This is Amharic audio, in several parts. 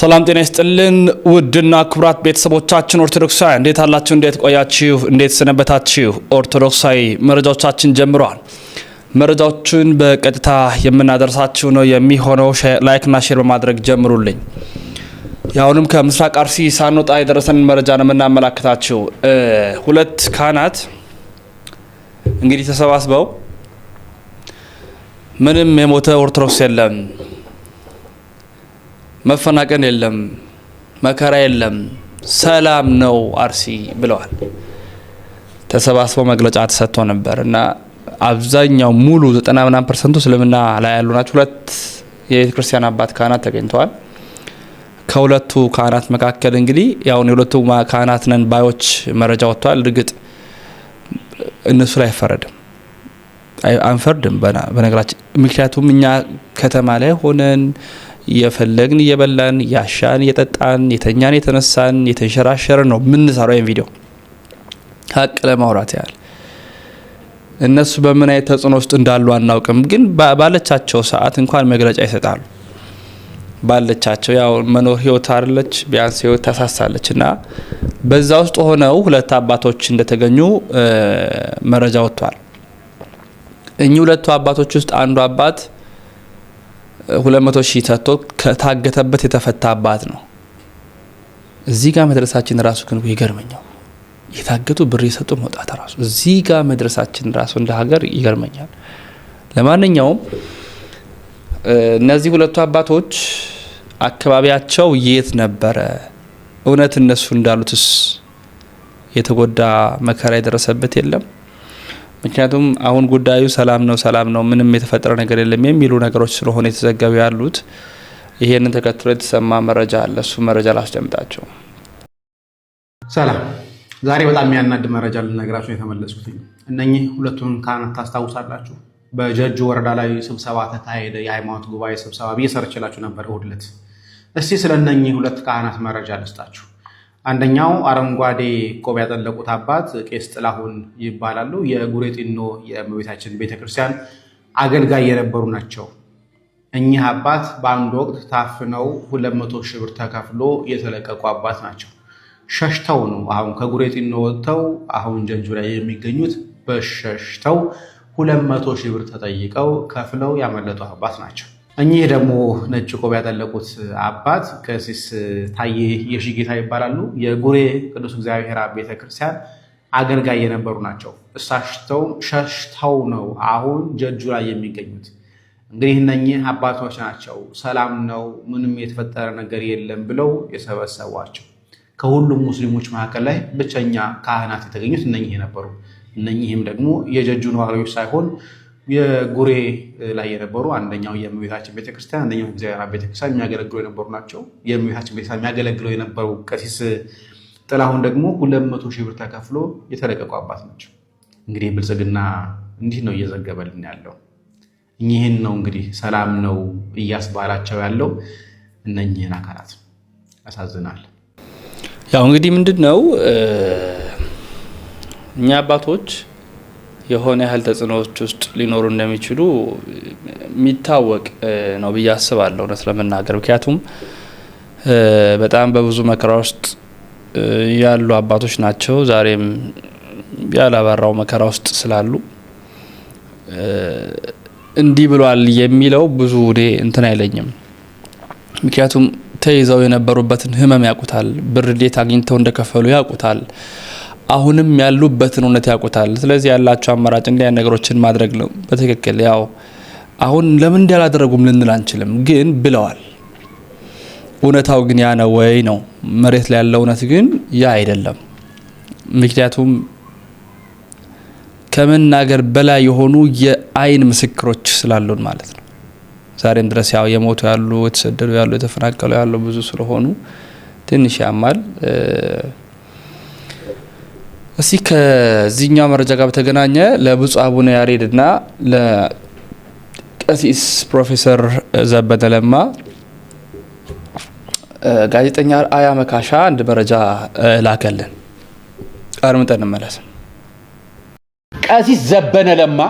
ሰላም ጤና ይስጥልን ውድና ክቡራት ቤተሰቦቻችን ኦርቶዶክሳዊ እንዴት አላችሁ? እንዴት ቆያችሁ? እንዴት ሰነበታችሁ? ኦርቶዶክሳዊ መረጃዎቻችን ጀምረዋል። መረጃዎቹን በቀጥታ የምናደርሳችሁ ነው የሚሆነው። ላይክና ሼር በማድረግ ጀምሩልኝ። ያሁንም ከምስራቅ አርሲ ሳንወጣ የደረሰን መረጃ ነው የምናመላክታችሁ። ሁለት ካህናት እንግዲህ ተሰባስበው ምንም የሞተ ኦርቶዶክስ የለም መፈናቀን የለም፣ መከራ የለም፣ ሰላም ነው አርሲ ብለዋል። ተሰባስበው መግለጫ ተሰጥቶ ነበር እና አብዛኛው ሙሉ ዘጠና ምናምን ፐርሰንቱ እስልምና ላይ ያሉ ናቸው። ሁለት የቤተ ክርስቲያን አባት ካህናት ተገኝተዋል። ከሁለቱ ካህናት መካከል እንግዲህ ያሁን የሁለቱ ካህናት ነን ባዮች መረጃ ወጥቷል። እርግጥ እነሱ ላይ አይፈረድም አንፈርድም፣ በነገራችን ምክንያቱም እኛ ከተማ ላይ ሆነን የፈለግን እየበላን ያሻን የጠጣን የተኛን የተነሳን የተንሸራሸረን ነው የምንሰራው። ይህን ቪዲዮ ሀቅ ለማውራት ያህል እነሱ በምን አይነት ተጽዕኖ ውስጥ እንዳሉ አናውቅም፣ ግን ባለቻቸው ሰዓት እንኳን መግለጫ ይሰጣሉ። ባለቻቸው ያው መኖር ህይወት አለች፣ ቢያንስ ህይወት ታሳሳለች። እና በዛ ውስጥ ሆነው ሁለት አባቶች እንደተገኙ መረጃ ወጥቷል። እኚህ ሁለቱ አባቶች ውስጥ አንዱ አባት ሁለት መቶ ሺህ ሰጥቶ ከታገተበት አባት ነው። እዚህ ጋር መድረሳችን ራሱ ግን ይገርመኛል። የታገቱ ብር የሰጡ መውጣት ራሱ እዚህ ጋር መድረሳችን ራሱ እንደ ሀገር ይገርመኛል። ለማንኛውም እነዚህ ሁለቱ አባቶች አካባቢያቸው የት ነበረ? እውነት እነሱ እንዳሉትስ የተጎዳ መከራ የደረሰበት የለም? ምክንያቱም አሁን ጉዳዩ ሰላም ነው ሰላም ነው ምንም የተፈጠረ ነገር የለም የሚሉ ነገሮች ስለሆነ የተዘገቡ ያሉት። ይሄንን ተከትሎ የተሰማ መረጃ አለ። እሱ መረጃ ላስደምጣቸው። ሰላም፣ ዛሬ በጣም የሚያናድ መረጃ ልነገራቸው የተመለስኩት እነኚህ ሁለቱን ካህናት ታስታውሳላችሁ? በጀጁ ወረዳ ላይ ስብሰባ ተካሄደ። የሃይማኖት ጉባኤ ስብሰባ ብዬ ሰርችላችሁ ነበር እሁድ ዕለት። እስቲ ስለ እነኚህ ሁለት ካህናት መረጃ ልስጣችሁ። አንደኛው አረንጓዴ ቆብ ያጠለቁት አባት ቄስ ጥላሁን ይባላሉ። የጉሬጢኖ የእመቤታችን ቤተክርስቲያን አገልጋይ የነበሩ ናቸው። እኚህ አባት በአንድ ወቅት ታፍነው ሁለት መቶ ሺህ ብር ተከፍሎ የተለቀቁ አባት ናቸው። ሸሽተው ነው አሁን ከጉሬጢኖ ወጥተው አሁን ጀንጁ ላይ የሚገኙት በሸሽተው ሁለት መቶ ሺህ ብር ተጠይቀው ከፍለው ያመለጡ አባት ናቸው። እኚህ ደግሞ ነጭ ቆብ ያጠለቁት አባት ቀሲስ ታዬ የሽጌታ ይባላሉ። የጉሬ ቅዱስ እግዚአብሔር ቤተክርስቲያን አገልጋይ የነበሩ ናቸው። እሳሽተው ሸሽተው ነው አሁን ጀጁ ላይ የሚገኙት። እንግዲህ እነኚህ አባቶች ናቸው። ሰላም ነው፣ ምንም የተፈጠረ ነገር የለም ብለው የሰበሰቧቸው። ከሁሉም ሙስሊሞች መካከል ላይ ብቸኛ ካህናት የተገኙት እነኚህ ነበሩ። እነኚህም ደግሞ የጀጁ ነዋሪዎች ሳይሆን የጉሬ ላይ የነበሩ አንደኛው የእመቤታችን ቤተክርስቲያን አንደኛው እግዚአብሔር ቤተክርስቲያን የሚያገለግሉ የነበሩ ናቸው። የእመቤታችን ቤተክርስቲያን የሚያገለግለው የነበሩ ቀሲስ ጥላሁን ደግሞ ሁለት መቶ ሺህ ብር ተከፍሎ የተለቀቁ አባት ናቸው። እንግዲህ ብልጽግና እንዲህ ነው እየዘገበልን ያለው። እኚህን ነው እንግዲህ ሰላም ነው እያስባላቸው ያለው እነኚህን አካላት ያሳዝናል። ያው እንግዲህ ምንድን ነው እኛ አባቶች የሆነ ያህል ተጽዕኖዎች ውስጥ ሊኖሩ እንደሚችሉ የሚታወቅ ነው ብዬ አስባለሁ፣ እውነት ለመናገር ምክንያቱም በጣም በብዙ መከራ ውስጥ ያሉ አባቶች ናቸው። ዛሬም ያላባራው መከራ ውስጥ ስላሉ እንዲህ ብሏል የሚለው ብዙ እኔ እንትን አይለኝም። ምክንያቱም ተይዘው የነበሩበትን ህመም ያውቁታል። ብር እንዴት አግኝተው እንደከፈሉ ያውቁታል። አሁንም ያሉበትን እውነት ያውቁታል። ስለዚህ ያላቸው አማራጭ እንዲያ ነገሮችን ማድረግ ነው። በትክክል ያው አሁን ለምን እንዲ ያላደረጉም ልንል አንችልም፣ ግን ብለዋል። እውነታው ግን ያ ነው ወይ ነው? መሬት ላይ ያለው እውነት ግን ያ አይደለም። ምክንያቱም ከመናገር በላይ የሆኑ የአይን ምስክሮች ስላሉን ማለት ነው። ዛሬም ድረስ ያው የሞቱ ያሉ፣ የተሰደዱ ያሉ፣ የተፈናቀሉ ያሉ ብዙ ስለሆኑ ትንሽ ያማል። እስቲ ከዚህኛው መረጃ ጋር በተገናኘ ለብፁዕ አቡነ ያሬድና ለቀሲስ ፕሮፌሰር ዘበነ ለማ ጋዜጠኛ አያ መካሻ አንድ መረጃ ላከልን፣ አድምጠን እንመለስ። ቀሲስ ዘበነ ለማ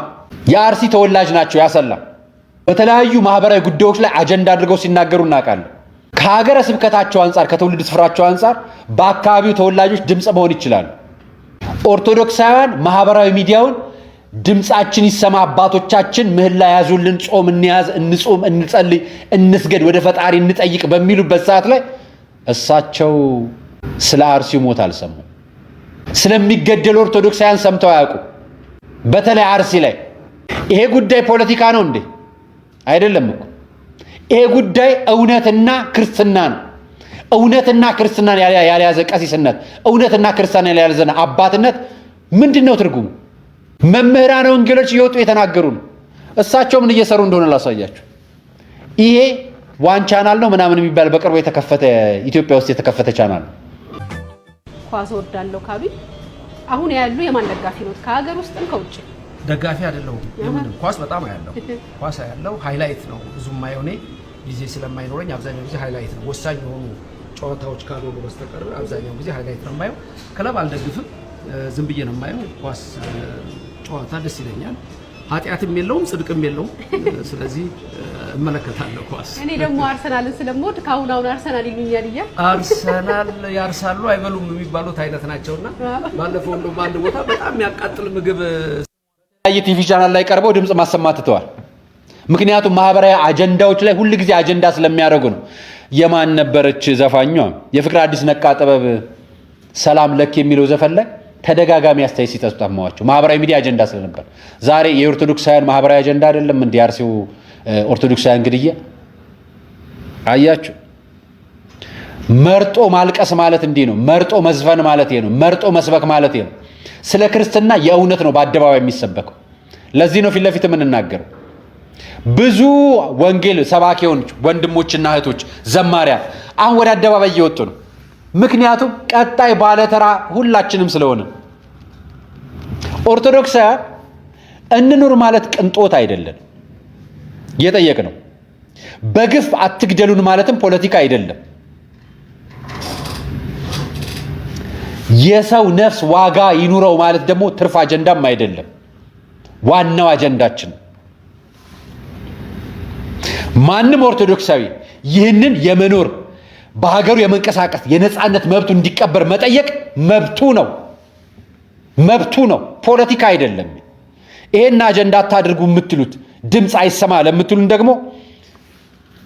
የአርሲ ተወላጅ ናቸው። ያሰላም በተለያዩ ማህበራዊ ጉዳዮች ላይ አጀንዳ አድርገው ሲናገሩ እናውቃለን። ከሀገረ ስብከታቸው አንጻር፣ ከትውልድ ስፍራቸው አንጻር በአካባቢው ተወላጆች ድምፅ መሆን ይችላሉ። ኦርቶዶክሳውያን ማህበራዊ ሚዲያውን ድምፃችን ይሰማ፣ አባቶቻችን ምህላ ያዙልን፣ ጾም እንያዝ፣ እንጾም፣ እንጸልይ፣ እንስገድ፣ ወደ ፈጣሪ እንጠይቅ በሚሉበት ሰዓት ላይ እሳቸው ስለ አርሲው ሞት አልሰሙ፣ ስለሚገደሉ ኦርቶዶክሳውያን ሰምተው አያውቁ። በተለይ አርሲ ላይ ይሄ ጉዳይ ፖለቲካ ነው እንዴ? አይደለም እኮ ይሄ ጉዳይ እውነትና ክርስትና ነው። እውነትና ክርስትናን ያልያዘ ቀሲስነት፣ እውነትና ክርስትናን ያልያዘ አባትነት ምንድን ነው ትርጉሙ? መምህራን ወንጌሎች እየወጡ የተናገሩ ነው። እሳቸው ምን እየሰሩ እንደሆነ ላሳያችሁ። ይሄ ዋን ቻናል ነው ምናምን የሚባል በቅርቡ የተከፈተ ኢትዮጵያ ውስጥ የተከፈተ ቻናል ነው። ኳስ ወዳለው ካቢ አሁን ያሉ የማን ደጋፊ ነው? ከሀገር ውስጥም ከውጭ ደጋፊ አይደለሁም። ኳስ በጣም ያለው ኳስ ያለው ሃይላይት ነው ብዙ ማየው ጊዜ ስለማይኖረኝ አብዛኛው ጊዜ ሃይላይት ነው ወሳኝ የሆኑ ጨዋታዎች ካልሆኑ በስተቀር አብዛኛው ጊዜ ሀይላይት ነው የማየው። ክለብ አልደግፍም፣ ዝም ብዬ ነው የማየው። ኳስ ጨዋታ ደስ ይለኛል። ኃጢአትም የለውም ጽድቅም የለውም። ስለዚህ እመለከታለሁ ኳስ። እኔ ደግሞ አርሰናልን ስለምወድ ከአሁን አሁን አርሰናል ይሉኛል እያል አርሰናል ያርሳሉ አይበሉም የሚባሉት አይነት ናቸውና ባለፈው እንደው በአንድ ቦታ በጣም የሚያቃጥል ምግብ ቲቪ ቻናል ላይ ቀርበው ድምፅ ማሰማት ትተዋል። ምክንያቱም ማህበራዊ አጀንዳዎች ላይ ሁልጊዜ አጀንዳ ስለሚያደርጉ ነው። የማን ነበረች ዘፋኟ? የፍቅር አዲስ ነቃ ጥበብ ሰላም ለክ የሚለው ዘፈን ላይ ተደጋጋሚ አስተያየት ሲጠጣማዋቸው ማህበራዊ ሚዲያ አጀንዳ ስለነበር ዛሬ የኦርቶዶክሳውያን ማህበራዊ አጀንዳ አይደለም። እንዲ አርሲው ኦርቶዶክሳውያን ግድያ አያችሁ። መርጦ ማልቀስ ማለት እንዲህ ነው። መርጦ መዝፈን ማለት ነው። መርጦ መስበክ ማለት ነው። ስለ ክርስትና የእውነት ነው በአደባባይ የሚሰበከው። ለዚህ ነው ፊት ለፊት የምንናገረው። ብዙ ወንጌል ሰባኪዎች ወንድሞችና እህቶች ዘማሪያን አሁን ወደ አደባባይ እየወጡ ነው። ምክንያቱም ቀጣይ ባለተራ ሁላችንም ስለሆነ ኦርቶዶክሳውያን እንኑር ማለት ቅንጦት አይደለም፣ እየጠየቅ ነው። በግፍ አትግደሉን ማለትም ፖለቲካ አይደለም። የሰው ነፍስ ዋጋ ይኑረው ማለት ደግሞ ትርፍ አጀንዳም አይደለም። ዋናው አጀንዳችን ማንም ኦርቶዶክሳዊ ይህንን የመኖር በሀገሩ የመንቀሳቀስ የነፃነት መብቱ እንዲቀበር መጠየቅ መብቱ ነው፣ መብቱ ነው። ፖለቲካ አይደለም። ይሄን አጀንዳ አታድርጉ የምትሉት ድምፅ አይሰማ ለምትሉን ደግሞ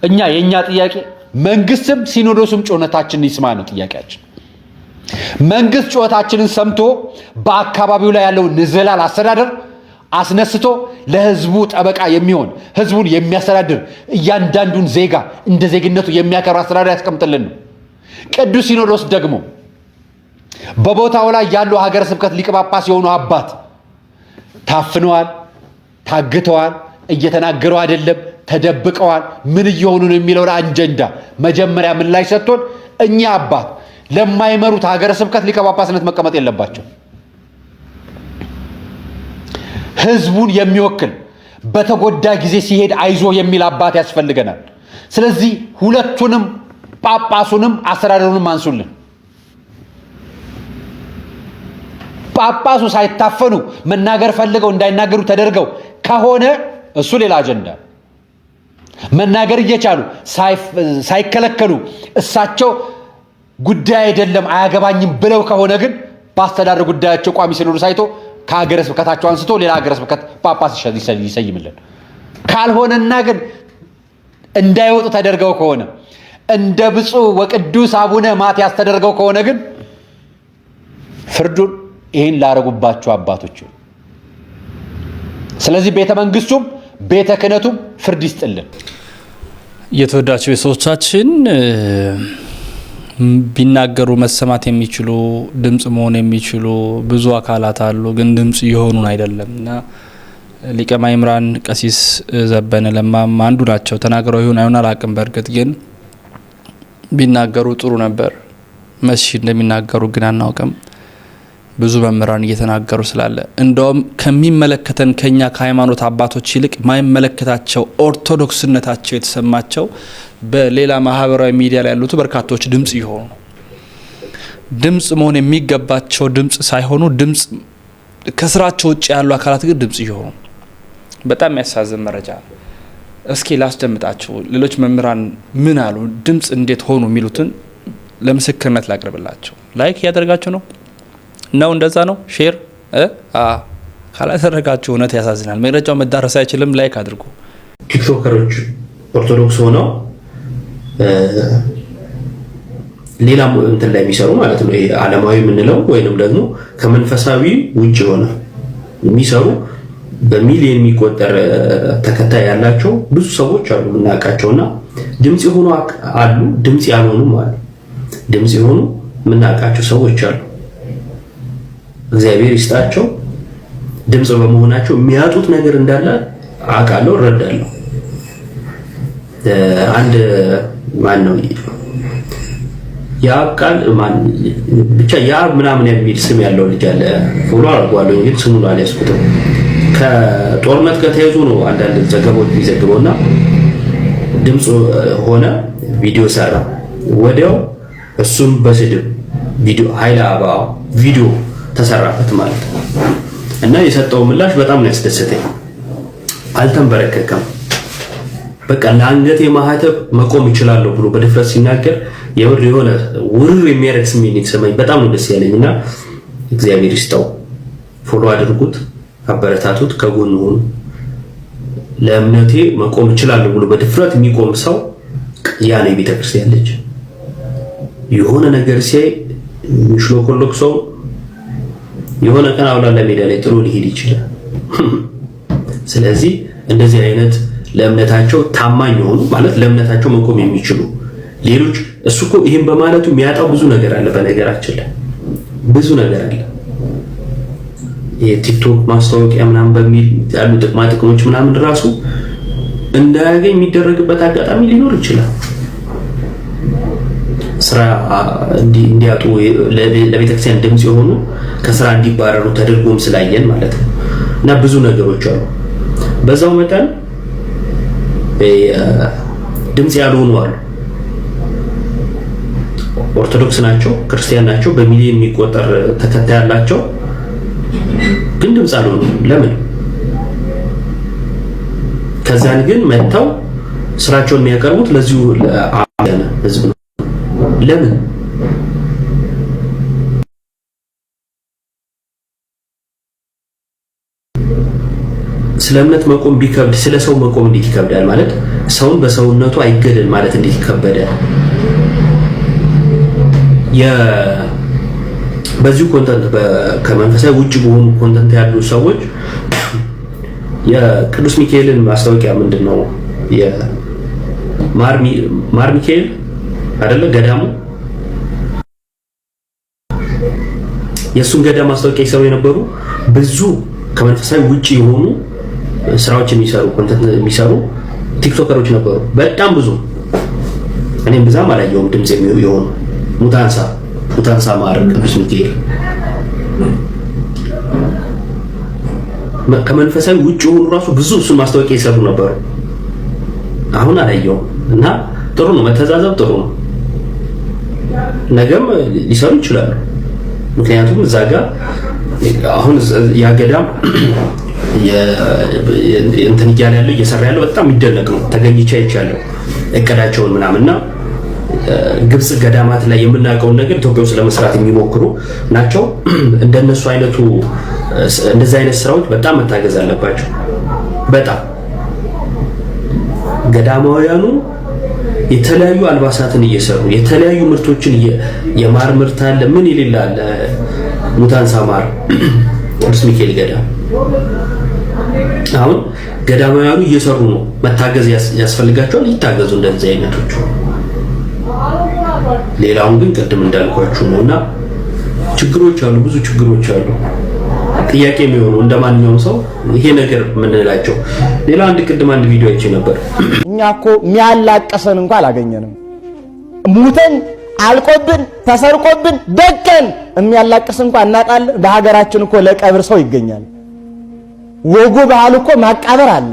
እኛ የእኛ ጥያቄ መንግስትም ሲኖዶሱም ጩኸታችንን ይስማ ነው ጥያቄያችን። መንግስት ጩኸታችንን ሰምቶ በአካባቢው ላይ ያለውን ንዝህላል አስተዳደር አስነስቶ ለህዝቡ ጠበቃ የሚሆን ህዝቡን የሚያስተዳድር እያንዳንዱን ዜጋ እንደ ዜግነቱ የሚያከብር አስተዳደር ያስቀምጥልን ነው። ቅዱስ ሲኖዶስ ደግሞ በቦታው ላይ ያሉ ሀገረ ስብከት ሊቀ ጳጳስ የሆኑ አባት ታፍነዋል፣ ታግተዋል፣ እየተናገሩ አይደለም፣ ተደብቀዋል፣ ምን እየሆኑ ነው የሚለውን አጀንዳ መጀመሪያ ምን ላይ ሰጥቶን እኛ አባት ለማይመሩት ሀገረ ስብከት ሊቀ ጳጳስነት መቀመጥ የለባቸው ህዝቡን የሚወክል በተጎዳ ጊዜ ሲሄድ አይዞ የሚል አባት ያስፈልገናል። ስለዚህ ሁለቱንም ጳጳሱንም አስተዳደሩንም አንሱልን። ጳጳሱ ሳይታፈኑ መናገር ፈልገው እንዳይናገሩ ተደርገው ከሆነ እሱ ሌላ አጀንዳ። መናገር እየቻሉ ሳይከለከሉ እሳቸው ጉዳይ አይደለም አያገባኝም ብለው ከሆነ ግን በአስተዳደር ጉዳያቸው ቋሚ ሲኖዱ ሳይቶ ከሀገረ ስብከታቸው አንስቶ ሌላ ሀገረ ስብከት ጳጳስ ይሰይምልን። ካልሆነና ግን እንዳይወጡ ተደርገው ከሆነ እንደ ብፁዕ ወቅዱስ አቡነ ማትያስ ተደርገው ከሆነ ግን ፍርዱን ይህን ላረጉባቸው አባቶች። ስለዚህ ቤተ መንግስቱም ቤተ ክህነቱም ፍርድ ይስጥልን። የተወዳቸው የሰዎቻችን ቢናገሩ መሰማት የሚችሉ ድምጽ መሆን የሚችሉ ብዙ አካላት አሉ፣ ግን ድምጽ የሆኑን አይደለም እና ሊቀ ማእምራን ቀሲስ ዘበነ ለማም አንዱ ናቸው። ተናግረው ይሁን አይሆን አላቅም። በእርግጥ ግን ቢናገሩ ጥሩ ነበር። መሽ እንደሚናገሩ ግን አናውቅም። ብዙ መምህራን እየተናገሩ ስላለ እንደውም ከሚመለከተን ከኛ ከሃይማኖት አባቶች ይልቅ ማይመለከታቸው ኦርቶዶክስነታቸው የተሰማቸው በሌላ ማህበራዊ ሚዲያ ላይ ያሉት በርካቶች ድምጽ ይሆኑ ነው። ድምፅ መሆን የሚገባቸው ድምፅ ሳይሆኑ ድምፅ ከስራቸው ውጭ ያሉ አካላት ግን ድምፅ ይሆኑ በጣም ያሳዝን መረጃ ነው። እስኪ ላስደምጣችሁ። ሌሎች መምህራን ምን አሉ፣ ድምፅ እንዴት ሆኑ የሚሉትን ለምስክርነት ላቅርብላቸው። ላይክ እያደረጋችሁ ነው። ነው። እንደዛ ነው። ሼር ካላደረጋችሁ እውነት ያሳዝናል። መግለጫው መዳረስ አይችልም። ላይክ አድርጉ። ቲክቶከሮች ኦርቶዶክስ ሆነው ሌላ እንትን ላይ የሚሰሩ ማለት ነው። ይሄ ዓለማዊ የምንለው ወይንም ደግሞ ከመንፈሳዊ ውጭ ሆነ የሚሰሩ በሚሊዮን የሚቆጠር ተከታይ ያላቸው ብዙ ሰዎች አሉ የምናውቃቸውና ድምፅ የሆኑ አሉ፣ ድምፅ ያልሆኑም አሉ። ድምፅ የሆኑ የምናውቃቸው ሰዎች አሉ። እግዚአብሔር ይስጣቸው። ድምፅ በመሆናቸው የሚያጡት ነገር እንዳለ አውቃለሁ፣ እረዳለሁ። አንድ ማን ነው ያብ ቃል ማን ብቻ ያብ ምናምን የሚል ስም ያለው ልጅ አለ ብሎ አድርጓለሁ። እንግዲህ ስሙን አልያዝኩትም። ከጦርነት ጋር ተያይዞ ነው አንዳንድ ዘገባዎች የሚዘግበውና ድምፅ ሆነ ቪዲዮ ሰራ። ወዲያው እሱም በስድብ ቪዲዮ ኃይለ አባ ቪዲዮ ተሰራበት ማለት ነው። እና የሰጠው ምላሽ በጣም ነው ያስደሰተኝ። አልተንበረከከም። በቃ ለአንገት የማህተብ መቆም እችላለሁ ብሎ በድፍረት ሲናገር የምር የሆነ ውርር የሚያደርግ ስሜት የተሰማኝ በጣም ነው ደስ ያለኝ። እና እግዚአብሔር ይስጠው። ፎሎ አድርጉት፣ አበረታቱት፣ ከጎን ሆኑ። ለእምነቴ መቆም እችላለሁ ብሎ በድፍረት የሚቆም ሰው ያ ነው የቤተክርስቲያን ልጅ። የሆነ ነገር ሲያይ የሚሽሎኮሎክ ሰው የሆነ ቀን አውላ ለሜዳ ላይ ጥሎ ሊሄድ ይችላል። ስለዚህ እንደዚህ አይነት ለእምነታቸው ታማኝ የሆኑ ማለት ለእምነታቸው መቆም የሚችሉ ሌሎች እሱ እኮ ይህን በማለቱ የሚያጣው ብዙ ነገር አለ። በነገራችን ላይ ብዙ ነገር አለ። የቲክቶክ ማስታወቂያ ምናምን በሚል ያሉ ጥቅማ ጥቅሞች ምናምን ራሱ እንዳያገኝ የሚደረግበት አጋጣሚ ሊኖር ይችላል። ስራ እንዲያጡ ለቤተክርስቲያን ድምፅ የሆኑ ከስራ እንዲባረሩ ተደርጎም ስላየን ማለት ነው እና ብዙ ነገሮች አሉ። በዛው መጠን ድምፅ ያልሆኑ አሉ። ኦርቶዶክስ ናቸው፣ ክርስቲያን ናቸው፣ በሚሊዮን የሚቆጠር ተከታይ ያላቸው ግን ድምፅ አልሆኑ። ለምን? ከዛን ግን መጥተው ስራቸውን የሚያቀርቡት ለዚሁ ህዝብ ነው። ለምን? ስለ እምነት መቆም ቢከብድ ስለ ሰው መቆም እንዴት ይከብዳል? ማለት ሰውን በሰውነቱ አይገደል ማለት እንዴት ይከበደ? በዚሁ ኮንተንት ከመንፈሳዊ ውጭ በሆኑ ኮንተንት ያሉ ሰዎች የቅዱስ ሚካኤልን ማስታወቂያ ምንድን ነው? ማር ሚካኤል አይደለ ገዳሙ የእሱን ገዳም ማስታወቂያ ይሰሩ የነበሩ ብዙ ከመንፈሳዊ ውጭ የሆኑ ስራዎች የሚሰሩ ኮንተንት የሚሰሩ ቲክቶከሮች ነበሩ፣ በጣም ብዙ። እኔም ብዛም አላየሁም። ድምፅ የሆኑ ሙታንሳ ሙታንሳ ማዕረግ ቅዱስ ሚካኤል ከመንፈሳዊ ውጭ የሆኑ ራሱ ብዙ እሱን ማስታወቂያ ይሰሩ ነበሩ። አሁን አላየውም እና ጥሩ ነው መተዛዘብ ጥሩ ነው። ነገም ሊሰሩ ይችላሉ። ምክንያቱም እዛ ጋር አሁን ያገዳም እንትን እያለ ያለው እየሰራ ያለው በጣም የሚደነቅ ነው። ተገኝቼ አይቻለሁ እቅዳቸውን ምናምና ግብፅ ገዳማት ላይ የምናውቀውን ነገር ኢትዮጵያ ውስጥ ለመስራት የሚሞክሩ ናቸው። እንደነሱ አይነቱ እንደዚህ አይነት ስራዎች በጣም መታገዝ አለባቸው። በጣም ገዳማውያኑ የተለያዩ አልባሳትን እየሰሩ የተለያዩ ምርቶችን የማር ምርት አለ፣ ምን የሌለ ሙታንሳ ማር ቅዱስ ሚካኤል ገዳም አሁን ገዳማውያኑ እየሰሩ ነው። መታገዝ ያስፈልጋቸዋል። ይታገዙ እንደዚህ አይነቶቹ። ሌላውን ግን ቅድም እንዳልኳችሁ ነው እና ችግሮች አሉ፣ ብዙ ችግሮች አሉ። ጥያቄ የሚሆነው እንደ ማንኛውም ሰው ይሄ ነገር የምንላቸው ሌላ አንድ ቅድም አንድ ቪዲዮ አይቼ ነበር። እኛ እኮ የሚያላቀሰን እንኳ አላገኘንም። ሙተን አልቆብን ተሰርቆብን ደቀን የሚያላቅስ እንኳ እናጣለን። በሀገራችን እኮ ለቀብር ሰው ይገኛል። ወጉ ባህል እኮ ማቃበር አለ፣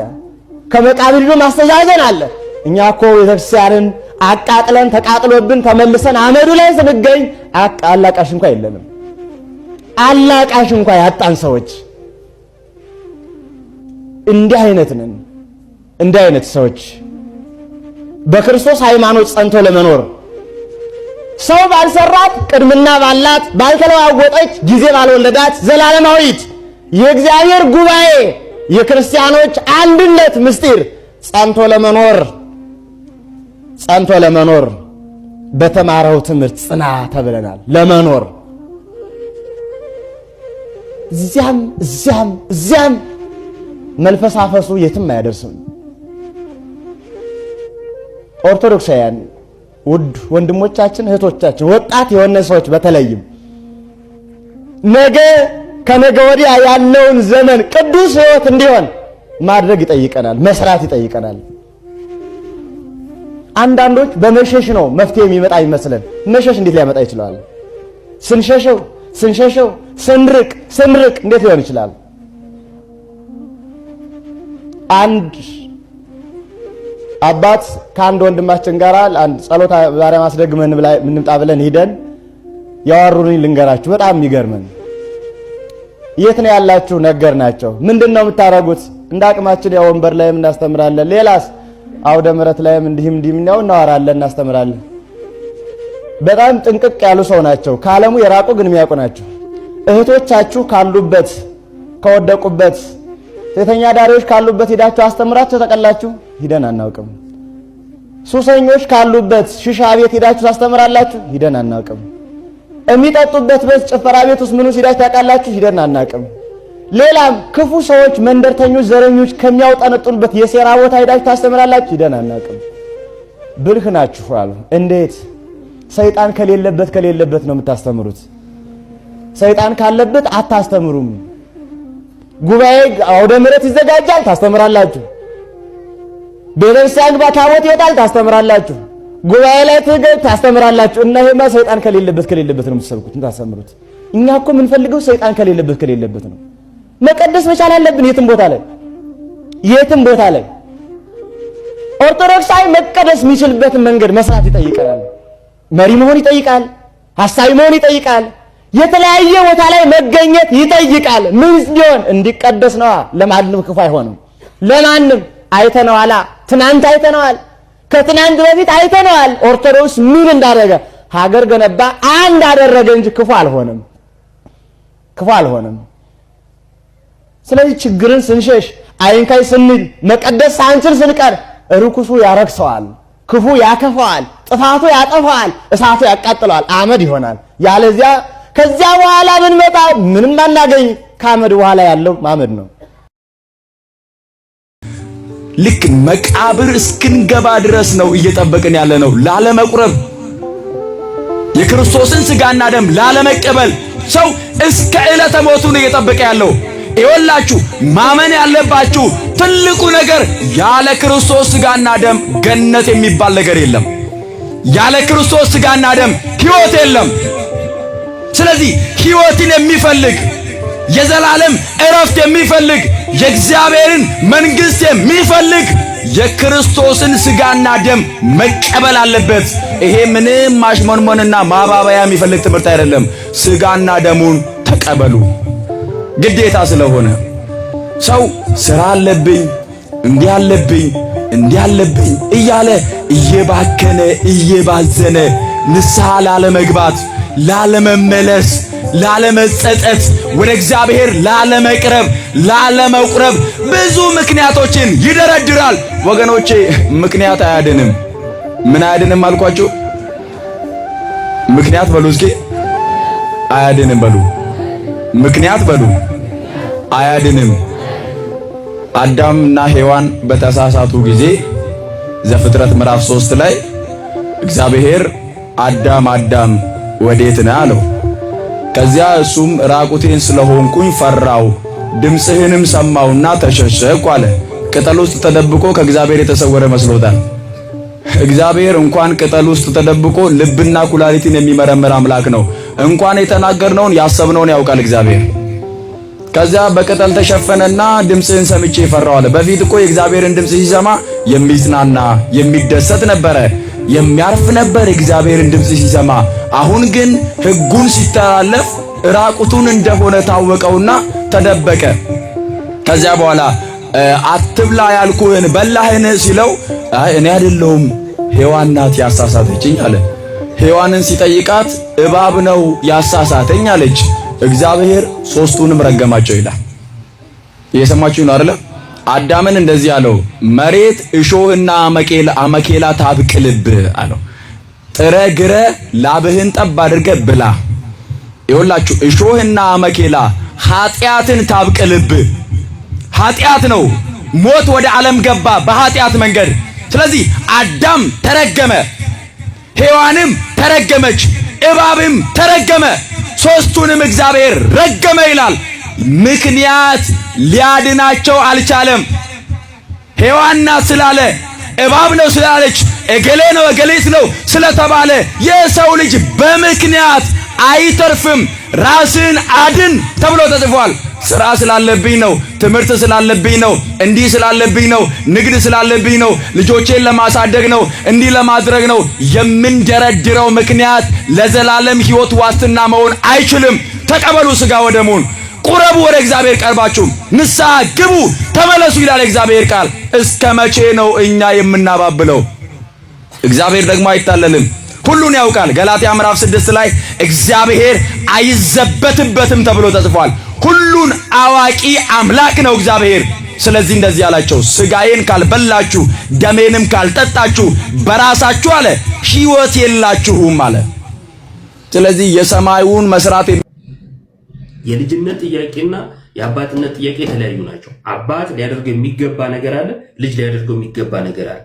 ከመቃብር ሂዶ ማስተዛዘን አለ። እኛ እኮ ቤተክርስቲያንን አቃጥለን ተቃጥሎብን ተመልሰን አመዱ ላይ ስንገኝ አላቃሽ እንኳ የለንም። አላቃሽ እንኳ ያጣን ሰዎች እንዲህ አይነት ነን። እንዲህ አይነት ሰዎች በክርስቶስ ሃይማኖት ጸንቶ ለመኖር ሰው ባልሰራት ቅድምና ባላት ባልተለዋወጠች ጊዜ ባልወለዳት ዘላለማዊት የእግዚአብሔር ጉባኤ የክርስቲያኖች አንድነት ምስጢር ጸንቶ ለመኖር ጸንቶ ለመኖር በተማረው ትምህርት ጽና ተብለናል። ለመኖር እዚያም እዚያም እዚያም መልፈሳፈሱ የትም አያደርስም። ኦርቶዶክሳውያን ውድ ወንድሞቻችን እህቶቻችን፣ ወጣት የሆነ ሰዎች በተለይም ነገ ከነገ ወዲያ ያለውን ዘመን ቅዱስ ሕይወት እንዲሆን ማድረግ ይጠይቀናል፣ መስራት ይጠይቀናል። አንዳንዶች በመሸሽ ነው መፍትሄ የሚመጣ ይመስለን። መሸሽ እንዴት ሊያመጣ ይችላል? ስንሸሸው ስንሸሸው ስንርቅ ስንርቅ እንዴት ሊሆን ይችላል? አንድ አባት ከአንድ ወንድማችን ጋር አንድ ጸሎት ማርያም አስደግመን ምንምጣ ብለን ሂደን ያዋሩኝ ልንገራችሁ በጣም ይገርመን የት ነው ያላችሁ? ነገር ናቸው። ምንድን ነው የምታደርጉት? እንደ አቅማችን ያው ወንበር ላይም እናስተምራለን። ሌላስ አውደ ምረት ላይም እንዲህም እንዲህም ያው እናወራለን፣ እናስተምራለን። በጣም ጥንቅቅ ያሉ ሰው ናቸው። ከዓለሙ የራቁ ግን የሚያውቁ ናቸው። እህቶቻችሁ ካሉበት ከወደቁበት ሴተኛ ዳሪዎች ካሉበት ሂዳችሁ አስተምራችሁ ተቀላችሁ? ሂደን አናውቅም። ሱሰኞች ካሉበት ሽሻ ቤት ሂዳችሁ ታስተምራላችሁ? ሂደን አናውቅም። የሚጠጡበት በዚህ ጭፈራ ቤት ውስጥ ምኑ ሲዳች ታውቃላችሁ? ሂደን አናውቅም። ሌላም ክፉ ሰዎች፣ መንደርተኞች፣ ዘረኞች ከሚያውጠነጥኑበት የሴራ ቦታ ሂዳችሁ ታስተምራላችሁ? ሂደን አናውቅም። ብልህ ናችሁ አሉ። እንዴት? ሰይጣን ከሌለበት ከሌለበት ነው የምታስተምሩት። ሰይጣን ካለበት አታስተምሩም። ጉባኤ አውደ ምሕረት ይዘጋጃል፣ ታስተምራላችሁ። ቤተክርስቲያን ግባ ታቦት ይወጣል፣ ታስተምራላችሁ። ጉባኤ ላይ ትገብ ታስተምራላችሁ እና ይሄማ ሰይጣን ከሌለበት ከሌለበት ነው የምትሰብኩት ታስተምሩት። እኛ እኮ የምንፈልገው ሰይጣን ከሌለበት ከሌለበት ነው። መቀደስ መቻል አለብን። የትም ቦታ ላይ የትም ቦታ ላይ ኦርቶዶክሳዊ መቀደስ የሚችልበትን መንገድ መስራት ይጠይቃል። መሪ መሆን ይጠይቃል። ሀሳቢ መሆን ይጠይቃል። የተለያየ ቦታ ላይ መገኘት ይጠይቃል። ምን ሲሆን እንዲቀደስ ነዋ። ለማንም ክፉ አይሆንም። ለማንም አይተነዋላ። ትናንት አይተነዋል። ከትናንት በፊት አይተነዋል። ኦርቶዶክስ ምን እንዳደረገ ሀገር ገነባ፣ አንድ አደረገ እንጂ ክፉ አልሆነም፣ ክፉ አልሆነም። ስለዚህ ችግርን ስንሸሽ አይንካይ ስንል መቀደስ ሳንችል ስንቀር ርኩሱ ያረክሰዋል፣ ክፉ ያከፈዋል፣ ጥፋቱ ያጠፈዋል፣ እሳቱ ያቃጥለዋል፣ አመድ ይሆናል። ያለዚያ ከዚያ በኋላ ብንመጣ ምንም አናገኝ። ከአመድ በኋላ ያለው ማመድ ነው። ልክ መቃብር እስክንገባ ድረስ ነው እየጠበቅን ያለ ነው። ላለመቁረብ የክርስቶስን ስጋና ደም ላለመቀበል ሰው እስከ ዕለተ ሞቱ ነው እየጠበቀ ያለው። ይወላችሁ ማመን ያለባችሁ ትልቁ ነገር ያለ ክርስቶስ ስጋና ደም ገነት የሚባል ነገር የለም። ያለ ክርስቶስ ስጋና ደም ሕይወት የለም። ስለዚህ ሕይወትን የሚፈልግ የዘላለም እረፍት የሚፈልግ የእግዚአብሔርን መንግሥት የሚፈልግ የክርስቶስን ሥጋና ደም መቀበል አለበት። ይሄ ምንም ማሽሞንሞንና ማባበያ የሚፈልግ ትምህርት አይደለም። ሥጋና ደሙን ተቀበሉ ግዴታ ስለሆነ ሰው ሥራ አለብኝ እንዲህ አለብኝ እንዲህ አለብኝ እያለ እየባከነ እየባዘነ ንስሐ ላለመግባት ላለመመለስ ላለመጸጸት፣ ወደ እግዚአብሔር ላለመቅረብ፣ ላለመቁረብ ብዙ ምክንያቶችን ይደረድራል። ወገኖቼ ምክንያት አያድንም። ምን አያድንም አልኳችሁ? ምክንያት በሉ እስኪ አያድንም በሉ። ምክንያት በሉ አያድንም። አዳምና ሔዋን በተሳሳቱ ጊዜ ዘፍጥረት ምዕራፍ ሶስት ላይ እግዚአብሔር አዳም አዳም ወዴት ነህ አለው። ከዚያ እሱም ራቁቴን ስለሆንኩኝ ፈራው፣ ድምፅህንም ሰማውና ተሸሸቅኩ አለ። ቅጠል ውስጥ ተደብቆ ከእግዚአብሔር የተሰወረ መስሎታል። እግዚአብሔር እንኳን ቅጠል ውስጥ ተደብቆ ልብና ኩላሊትን የሚመረምር አምላክ ነው። እንኳን የተናገርነውን ያሰብነውን ያውቃል እግዚአብሔር። ከዚያ በቅጠል ተሸፈነና ድምፅህን ሰምቼ ፈራው አለ። በፊት እኮ የእግዚአብሔርን ድምፅ ሲሰማ የሚጽናና የሚደሰት ነበረ። የሚያርፍ ነበር እግዚአብሔርን ድምፅ ሲሰማ። አሁን ግን ሕጉን ሲተላለፍ ራቁቱን እንደሆነ ታወቀውና ተደበቀ። ከዚያ በኋላ አትብላ ያልኩህን በላህን ሲለው እኔ አይደለሁም ሔዋን ናት ያሳሳተችኝ አለ። ሔዋንን ሲጠይቃት እባብ ነው ያሳሳተኝ አለች። እግዚአብሔር ሶስቱንም ረገማቸው ይላል። እየሰማችሁ ነው አይደለም? አዳምን እንደዚህ አለው፣ መሬት እሾህና አመኬላ አመኬላ ታብቅልብህ አለው። ጥረ ግረ ላብህን ጠብ አድርገ ብላ። ይኸውላችሁ እሾህና አመኬላ ኃጢአትን ታብቅልብህ። ኃጢአት ነው። ሞት ወደ ዓለም ገባ በኃጢአት መንገድ። ስለዚህ አዳም ተረገመ፣ ሔዋንም ተረገመች፣ እባብም ተረገመ። ሦስቱንም እግዚአብሔር ረገመ ይላል። ምክንያት ሊያድናቸው አልቻለም። ሄዋና ስላለ እባብ ነው ስላለች እገሌ ነው እገሌት ነው ስለተባለ የሰው ልጅ በምክንያት አይተርፍም። ራስን አድን ተብሎ ተጽፏል። ስራ ስላለብኝ ነው፣ ትምህርት ስላለብኝ ነው፣ እንዲህ ስላለብኝ ነው፣ ንግድ ስላለብኝ ነው፣ ልጆቼን ለማሳደግ ነው፣ እንዲህ ለማድረግ ነው። የምንደረድረው ምክንያት ለዘላለም ሕይወት ዋስትና መሆን አይችልም። ተቀበሉ ስጋ ወደሙን። ቁረቡ፣ ወደ እግዚአብሔር ቀርባችሁ ንስሐ ግቡ፣ ተመለሱ ይላል እግዚአብሔር ቃል። እስከ መቼ ነው እኛ የምናባብለው? እግዚአብሔር ደግሞ አይታለልም፣ ሁሉን ያውቃል። ገላትያ ምዕራፍ ስድስት ላይ እግዚአብሔር አይዘበትበትም ተብሎ ተጽፏል። ሁሉን አዋቂ አምላክ ነው እግዚአብሔር። ስለዚህ እንደዚህ አላቸው፣ ስጋዬን ካልበላችሁ ደሜንም ካልጠጣችሁ በራሳችሁ አለ ሕይወት የላችሁም አለ። ስለዚህ የሰማዩን መስራት የልጅነት ጥያቄና የአባትነት ጥያቄ የተለያዩ ናቸው። አባት ሊያደርገው የሚገባ ነገር አለ፣ ልጅ ሊያደርገው የሚገባ ነገር አለ።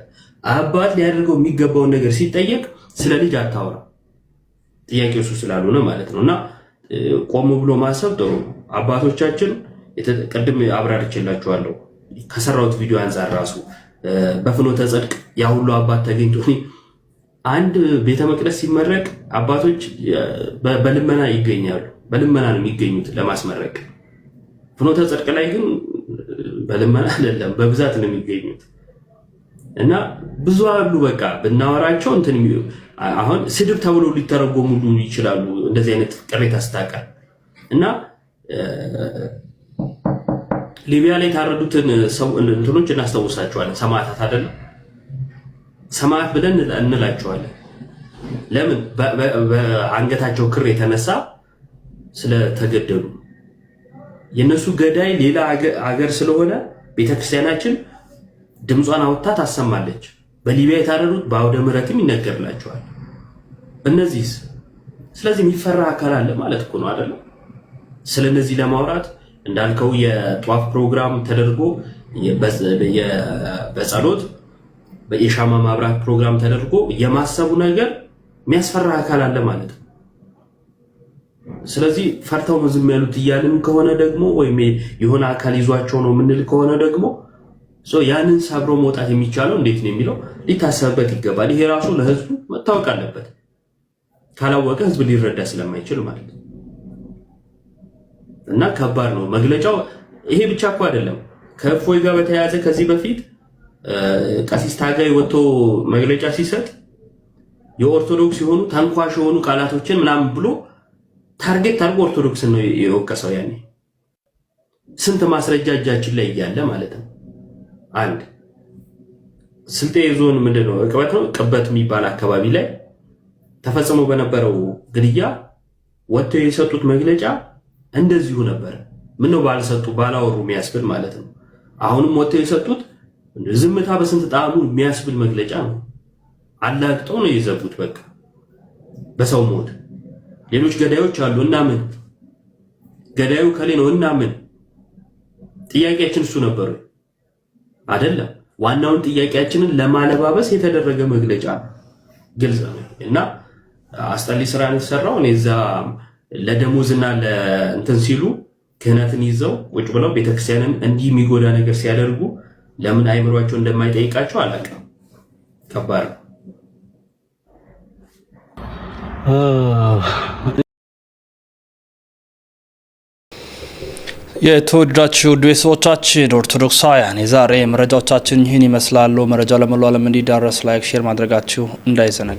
አባት ሊያደርገው የሚገባውን ነገር ሲጠየቅ ስለ ልጅ አታወራ፣ ጥያቄ እሱ ስላልሆነ ማለት ነው። እና ቆም ብሎ ማሰብ ጥሩ ነው። አባቶቻችን ቅድም አብራርቼላችኋለሁ ከሰራሁት ቪዲዮ አንጻር ራሱ በፍኖተ ጽድቅ ያ ሁሉ አባት ተገኝቶ አንድ ቤተ መቅደስ ሲመረቅ አባቶች በልመና ይገኛሉ። በልመና ነው የሚገኙት ለማስመረቅ። ፍኖተ ጽድቅ ላይ ግን በልመና አይደለም በብዛት ነው የሚገኙት። እና ብዙ አሉ። በቃ ብናወራቸው እንትን አሁን ስድብ ተብሎ ሊተረጎሙ ይችላሉ። እንደዚህ አይነት ቅሬታ ስታቀር እና ሊቢያ ላይ የታረዱትን እንትኖች እናስታውሳቸዋለን። ሰማዕታት አይደለም ሰማያት ብለን እንላቸዋለን። ለምን? በአንገታቸው ክር የተነሳ ስለተገደሉ። የእነሱ ገዳይ ሌላ አገር ስለሆነ ቤተክርስቲያናችን ድምጿን አውጥታ ታሰማለች። በሊቢያ የታረዱት በአውደ ምሕረትም ይነገርላቸዋል። እነዚህስ ስለዚህ የሚፈራ አካል አለ ማለት እኮ ነው ስለ እነዚህ ለማውራት እንዳልከው የጧፍ ፕሮግራም ተደርጎ በጸሎት የሻማ ማብራት ፕሮግራም ተደርጎ የማሰቡ ነገር የሚያስፈራ አካል አለ ማለት ነው። ስለዚህ ፈርተው ዝም ያሉት እያልን ከሆነ ደግሞ ወይም የሆነ አካል ይዟቸው ነው የምንል ከሆነ ደግሞ ያንን ሰብሮ መውጣት የሚቻለው እንዴት ነው የሚለው ሊታሰብበት ይገባል። ይሄ ራሱ ለህዝቡ መታወቅ አለበት። ካላወቀ ህዝብ ሊረዳ ስለማይችል ማለት ነው እና ከባድ ነው መግለጫው። ይሄ ብቻ እኮ አይደለም ከእፎይ ጋር በተያያዘ ከዚህ በፊት ቀሲስ ታጋይ ወጥቶ መግለጫ ሲሰጥ የኦርቶዶክስ የሆኑ ተንኳሽ የሆኑ ቃላቶችን ምናምን ብሎ ታርጌት አድርጎ ኦርቶዶክስን ነው የወቀሰው። ያኔ ስንት ማስረጃ እጃችን ላይ እያለ ማለት ነው። አንድ ስልጤ ዞን ምንድን ነው ቅበት ነው ቅበት የሚባል አካባቢ ላይ ተፈጽሞ በነበረው ግድያ ወጥተው የሰጡት መግለጫ እንደዚሁ ነበር። ምነው ባልሰጡ ባላወሩ የሚያስብል ማለት ነው። አሁንም ወጥተው የሰጡት ዝምታ በስንት ጣዕሙ የሚያስብል መግለጫ ነው። አላግጦ ነው የዘጉት። በቃ በሰው ሞት ሌሎች ገዳዮች አሉ እና ምን ገዳዩ ከሌ ነው እና ምን ጥያቄያችን እሱ ነበር አይደለም። ዋናውን ጥያቄያችንን ለማለባበስ የተደረገ መግለጫ ግልጽ ነው እና አስጠሊ ስራ ነው የተሰራው። እኔ እዛ ለደሞዝና ለእንትን ሲሉ ክህነትን ይዘው ቁጭ ብለው ቤተክርስቲያንን እንዲህ የሚጎዳ ነገር ሲያደርጉ ለምን አይምሯቸው እንደማይጠይቃቸው አላውቅም። ከባድ የተወደዳችሁ ውድ ቤተሰቦቻችን ኦርቶዶክሳውያን የዛሬ መረጃዎቻችን ይህን ይመስላሉ። መረጃው ለመላው ዓለም እንዲዳረስ ላይክ፣ ሼር ማድረጋችሁ እንዳይዘነጋ